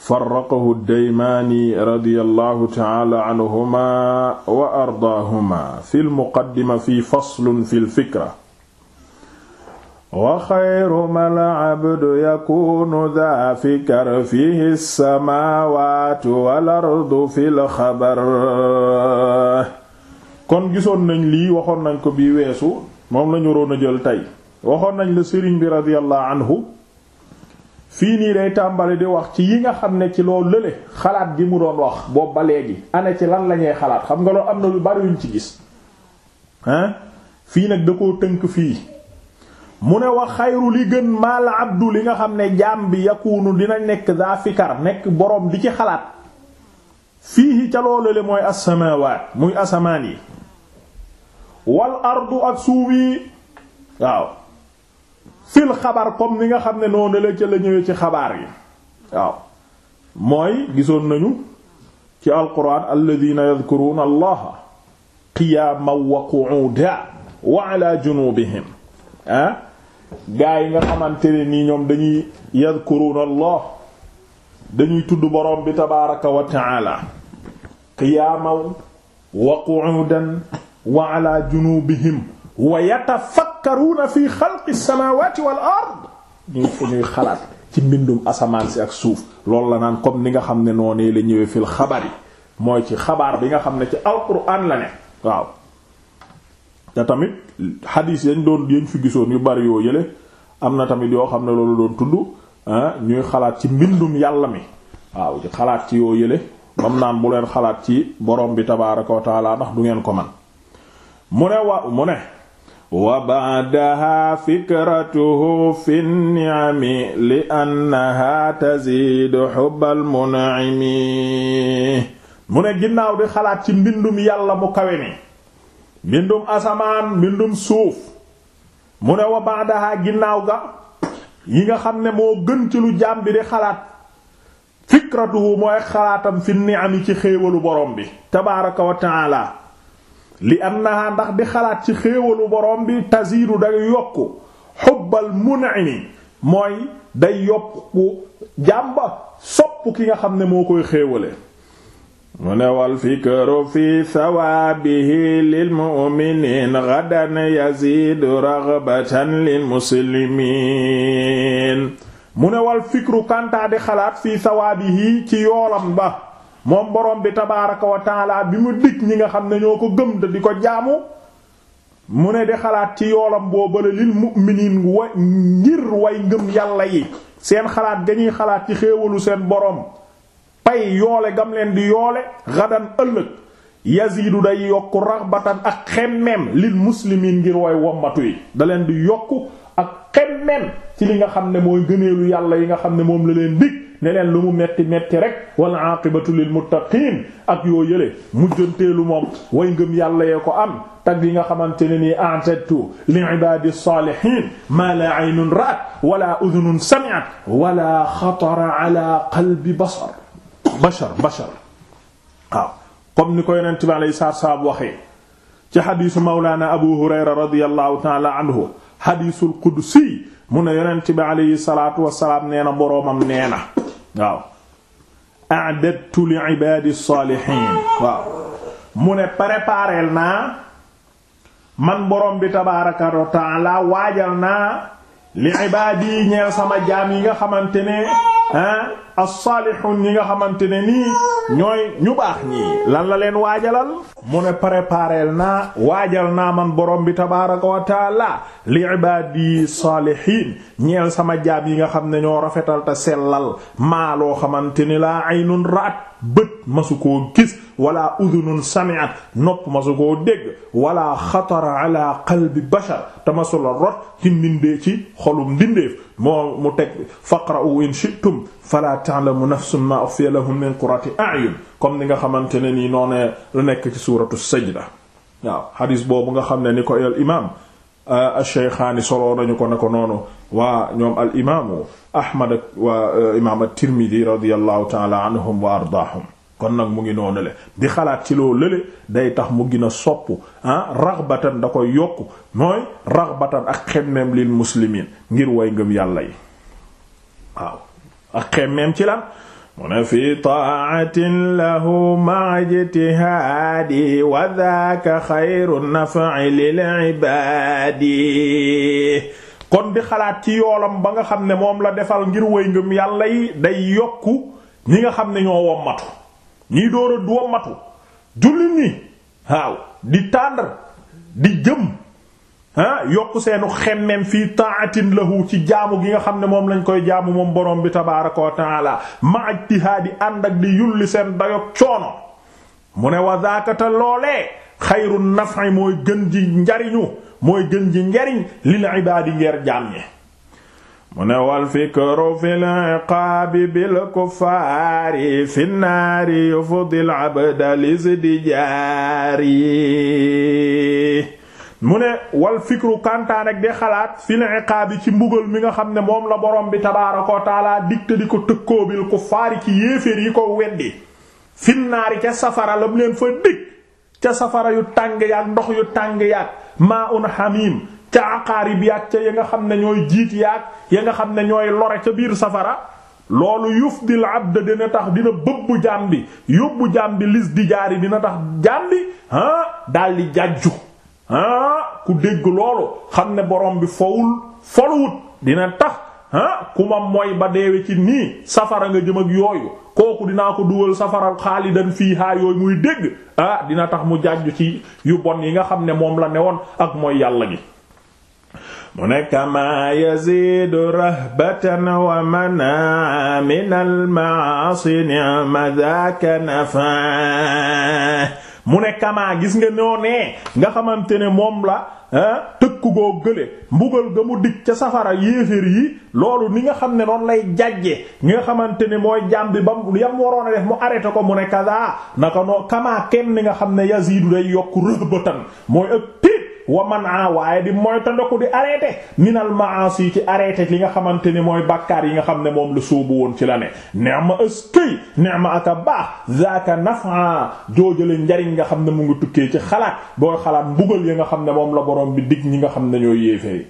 farraqahu ddaymaani radiyallahu ta'ala anhuma wa ardaahuma fil muqaddima fi faslun fil fikra wa xayru mal abdu yakunu daa fikar fihi samaawaatu wal ardu fil xabar kon gisoon nañ lii waxoon nañ ko bii weesu moom lañu waroon a jël tey waxoon nañ la sëriñ bi radiyallahu anhu fii nii day tàmbali di wax ci yi nga xam ne ci loo lële xalaat gi mu doon wax boobu ba léegi ana ci lan lañuy xalaat xam nga loolu am na lu bari yuñ ci gis hein fii nag da koo tënk fii mu ne wax xayru li gën maal abdu li nga xam ne jaam bi yakunu dina nekk daa fikar nekk boroom di ci xalaat fii ca loo lële mooy as-samaawaat muy asamaan yi wal ardu ak suuf yi waaw fil xabar comme ni nga xam ne noonu la ca la ci xabaar yi waaw mooy gisoon nañu ci alquran alladina yadkuruna allaha qiyaaman wa qu'udan wa ala junubihim ah. gaa yi nga xamante ne nii ñoom dañuy yadkuruna allah dañuy tudd boroom bi tabaraka wa taala qiyaaman wa qu'udan wa ala junubihim wa yatafakkaruuna fi xalqi samaawaati wal ard ñu fa ñuy xalaat ci mbindum asamaan si ak suuf loolu la naan comme ni nga xam ne noonee la ñëwee fil xabar yi mooy ci xabaar bi nga xam ne ci alquran la ne waaw te tamit xadiis yañ doon yañ fi gisoon yu bari yoo yële am na tamit yoo xam ne loolu doon tudd ah, ñuy xalaat ci mbindum yàlla mi waaw ci xalaat ci yoo yële bam naan bu leen xalaat ci borom bi tabaaraka wa ndax du ngeen ko man mu ne wa mu ne wa ba'daha fikratuhu fi ni'ami li annaha taziidu xubbal mun'imi mu ne ginnaaw di xalaat ci mbindum yàlla mu kawe mi mbindum asamaan mbindum suuf mu ne wa ba'daha ginnaaw ga yi nga xam ne moo gën ci lu jaam bi di xalaat fikratuhu mooy xalaatam fi ni'ami ci xéewalu borom bi tabaaraka wa ta'aala li naa ndax di xalaat ci xéewalu borom bi taziidu day yokk xubbal mun'imi mooy day yokku jàmba sopp ki nga xam ne moo koy xéewale mu ne wal fikru fi thawaabihi lil mu'minin ghadan yazidu raghbatan lil mu ne wal fikru kantaa di xalaat fi thawaabihi ci yoolam ba moom borom bi tabaaraka wa bi mu dig ñi nga xam ne ñoo ko gëm di ko jaamu mu ne di xalaat ci yoolam boobale lil mu'miniin wa ngir way ngëm yàlla yi seen xalaat gañuy xalaat ci xéewalu seen borom pay yoole gam leen di yoole gadan ëllëg yaziidu day yokk raxbatan ak xemmeem lil muslimiin ngir woy wommatu yi da leen di yokk ak xemmeem ci li nga xam ne mooy gëneelu yàlla yi nga xam ne moom la leen dig ne leen lu mu metti metti rek wal aaqibatu lil muttaqiin ak yoo yële mujjanteelu moom way ngëm yàlla yee ko am tag yi nga xamante ne nii a'tadtu li ibaadi saalihiin maa laa aynun ra'at wala udhunun sami'at wala xatara ala qalbi basar bashar bashar comme ni ko yonent bi alayhi salaatu waxee ci xadiisu mawlaana abu hurayra radiyallahu taala anhu xadiisul qudsi mu ne yonent bi alayhi salaatu wasalaam nee na boroomam nee na waaw a'dadtu li ibaadi saalihiin mu ne prépareel naa man borom bi tabaaraka wa waajal naa li ibaadi ñeel sama jaam yi nga xamante ne ah as-salihun yi nga xamante ne nii ñooy ñu baax ñii lan la leen waajalal mu ne prépareel naa waajal naa man borom bi tabaaraka wa taala li ibaadi saalihiin ñeel sama jaam yi nga xam ne ñoo rafetal te sellal maa loo xamante ni laa aynun raat bët masu koo gis wala udunun sami'at nopp masu koo dégg wala xatara ala qalbi bashar te masula rot ci mbindee ci xolum mbindeef moo mu teg faqra'u in shi'tum fala ta'lamu nafsun ma ukhfiya lahum min qurrati a'yun comme ni nga xamante ne nii noonee lu nekk ci suuratu sajda waaw xadis boobu nga xam ne ni ko al imaam euh, ash-shaykhaani soloo nañu ko ne noonu waa ñoom al imaamu ahmad ak waa euh, imaam at-tirmidhi radiyallahu ta'ala anhum wa ardaahum kon nag mu ngi noonu le di xalaat ci loo lële day tax mu gën a sopp ah raxbatan da koy yokk mooy raxbatan ak xemmeem lil muslimiin ngir way ngëm yàlla yi ak xemmeem ci lan mu ne fi taatin lahu ma ijtihaadi wa daaka xayru nafi lil ibaadi kon di xalaat ci yoolam ba nga xam ne moom la defal ngir way ngëm yàlla yi day yokku ñi nga xam ne ñoo wommatu ñii dóora wommatu jullit ñi waaw di tàndar di jëm yokk seenu xemmem fii taatin lahu ci jaamu gi nga xam ne moom lañ koy jaamu moom borom bi tabaaraka wa taala ma ijtihaadi ànd ak di yulli seen dayok coono mu ne wa zaakata loolee xayru naf'i mooy gën ji njariñu mooy gën ji njariñ lil ibaadi ngeer jaam ñi mu ne wal fikru fil iqaabi bil kuffaari fi naari yufdil abda listijaari mu ne wal fikru kantaan ak di xalaat fil iqaabi ci mbugal mi nga xam ne moom la borom bi tabaaraka wa taala digte di ko tëkkoobil ku faari ci yéeféer yi ko weddi finnaari ca safara la mu leen fa dig ca safara yu tàng yaak ndox yu tàng yaak maa un hamim ca aqaarib yaak ca ya nga xam ne ñooy jiit yaak ya nga xam ne ñooy lore ca biir safara loolu yufdil abd dina tax dina bëbb jaam bi yóbbu jaam bi lis di jaari dina tax jaam bi ah di jàjju ah ku dégg loolu xam ne borom bi fowul foluwut dina tax ah ku ma mooy ba deewe ci nii safara nga jëm yooyu kooku dina ko dugal safara xaalidan fiihaa yooyu muy dégg ah dina tax mu jàjju ci yu bon yi nga xam ne moom la ne woon ak mooy yàlla gi mu ne kama yazidu rahbatan wa mana min almaasi ni'ma dhaka nafa mu ne kamaa gis nga noo nee nga xamante ne moom la tëkku goo gële mbugal ga mu dig ca safara yéeféer yi loolu ni nga xam ne noonu lay jajje ñi nga xamante ne mooy jaam bi ba yam waroon a def mu arrêté ko mu ne kasaa naka noo kamaa kenn ni nga xam ne yaziidu day yokku rëbëtan mooy ak tiit wa man a waaye di mooy tandaku di arrêté minal maasi ci arrêté li nga xamante ni mooy bàkkaar yi nga xam ne moom la sóobu woon ci la ne ni'ma askay ni'ma aka baax zaaka nafa joojale njariñ nga xam ne mu ngi tukkee ci xalaat booy xalaat mbugal yi nga xam ne moom la borom bi digg ñi nga xam ne ñoo yéefee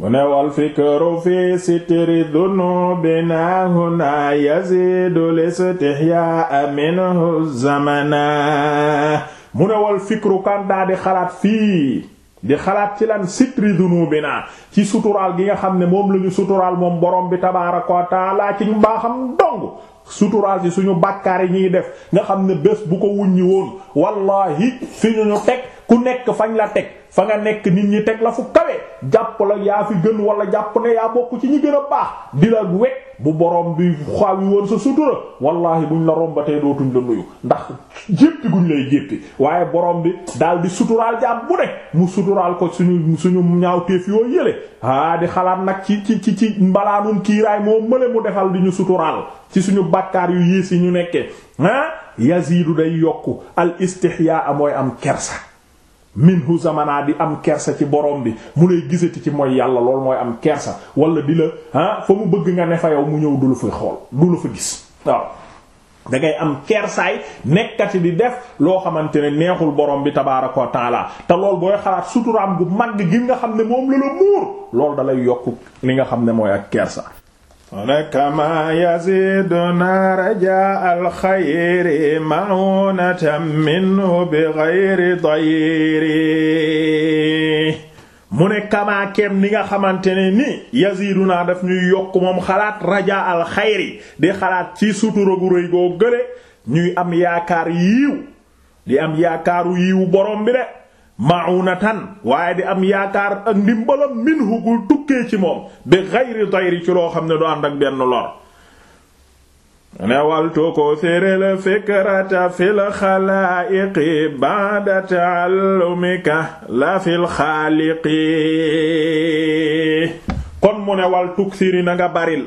mu ne wal fikru fi sitri dunubi na huna yazidu listihyaa minhu zamana mu ne wal fikru kan daa di xalaat fii di xalaat ci lan sitri dunubina ci suturaal gi nga xam ne moom la ñu suturaal moom boroom bi tabaaraka wa taala ci mbaaxam dong suturaal ci suñu bàkkaar yi ñuy def nga xam ne bés bu ko wuññi woon wallahi fi ñu ñu teg ku nekk fañ la teg fa nga nekk nit ñi teg la fu kawe jàpp la yaa fi gën wala jàpp ne yaa bokk ci ñi gën a baax di la bu borom bi xaawi woon sa sutura bu buñ la rombatee dootuñ la nuyu ndax jéppi guñ lay jéppi waaye borom bi daal di suturaal jàpp bu ne mu suturaal ko suñu suñu ñaawteef yoo yële ah di xalaat nag ci ci ci ci mbalaanum kiiraay moo mële mu defal di ñu suturaal ci suñu bàkkaar yu yiis yi ñu nekkee ah yaziidu day yokku al istihyaa am kersa minhu zamana di am kersa ci borom bi mu lay gisati ci mooy yàlla loolu mooy am kersa wala di la ah fa mu bëgg nga ne fa yow mu ñëw du la fa xool du la fa gis waaw da am kersaay nekkati di def loo xamante ne neexul borom bi tabaaraka wa taala te lool booy xalaat suturaam gu mag gi nga xam ne moom la la muur loolu dalay yokk li nga xam ne mooy ak kersa mu ne kama yaziduna rajaa alxayri ma'unatan minhu bi xayri dayri mu ne kama kem ni nga xamante ne ni yaziduna daf ñuy yokk moom xalaat rajaa alxayri di xalaat ci sutura gu rëy goo gële ñuy am yaakaar yiiw di am yaakaaru yiiw borom bi de ma'unatan waaye di am yaakaar ak ndimbalam minhu gu tukkee ci moom bi ghayri dayri ci loo xam ne du ànd ak benn lor newal tuko séril fikrata fil xalaa'iqi ba'da ta'allumika la fil xaaliqi kon mu newal tuksiri na nga baril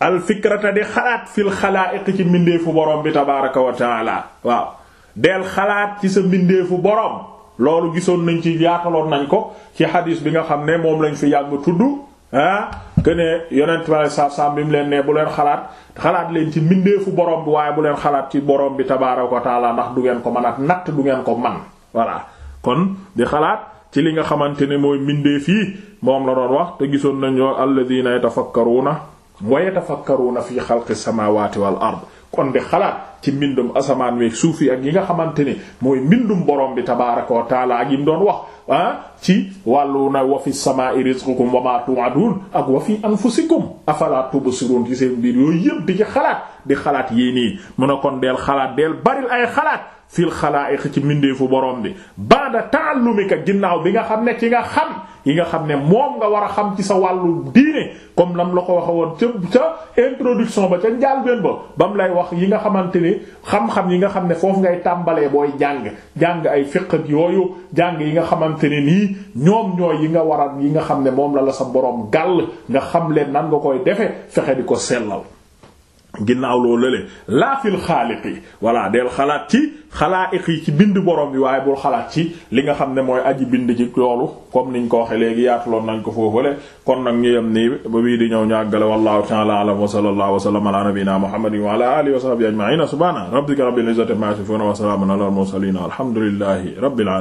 al fikrata di xalaat fil xalaa'iqi ci mbindeefu borom bi tabaaraka wa ta'ala waaw del xalaat ci sa mbindeefu borom loolu gisoon nañ ci yaataloon nañ ko ci hadis bi nga xam ne moom lañ fi yàgg tudd ah que ne yonent bi alayhi salaatu bi mu leen ne bu leen xalaat xalaat leen ci mbindeefu borom bi waaye bu leen xalaat ci borom bi tabaaraka wa taala ndax du ngeen ko mën ak natt du ngeen ko man voilà kon di xalaat ci li nga xamante ne mooy mbindee fii moom la doon wax te gisoon nañ nañu alladhiina yatafakkaruuna wa yatafakkaruuna fi xalqi samaawaati wal ard kon di xalaat ci mbindum asamaan week suuf yi ak yi nga xamante ne mooy mbindum borom bi tabaaraka wa taala ak yi doon wax ah ci wàllu na wa fi samaa'i rizqukum wa ma tu'adun ak wa fi anfusikum afala tubsirun ci seen mbir yooyu yëpp di ci xalaat di xalaat yii nii mu ne kon deel xalaat deel baril ay xalaat fii fil ay ci mbindeefu boroom bi ba'da ta'allumika ginnaaw bi nga xam ne ci nga xam yi nga xam ne moom nga war a xam ci sa wàllu diine comme lam la ko waxee woon ca ca introduction ba ca njàlbéen ba ba mu lay wax yi nga xamante ni xam-xam yi nga xam ne foofu ngay tàmbalee booy jàng jàng ay fiqh yooyu jàng yi nga xamante ne nii ñoom ñooy yi nga war a yi nga xam ne moom la la sa borom gàll nga xam leen nan nga koy defe fexe di ko sellal ginnaaw loo lële laa fil xaaliq yi voilà del xalaat ci xalaaiq yi ci bind borom bi waaye bul xalaat ci li nga xam ne mooy aji bind ci loolu comme niñ ko waxe léegi yaatuloon nañ ko foofale kon nag ñu yem nii ba bii di ñëw ñu àggale wallahu ta'ala a'lam wa sallallahu wa sallama ala nabiyyina muhammadin wa ala alihi wa sahbihi ajma'ina subhana rabbika rabbil izzati amma yasifun wa salamun ala al mursalin alhamdulillahi rabbil alamin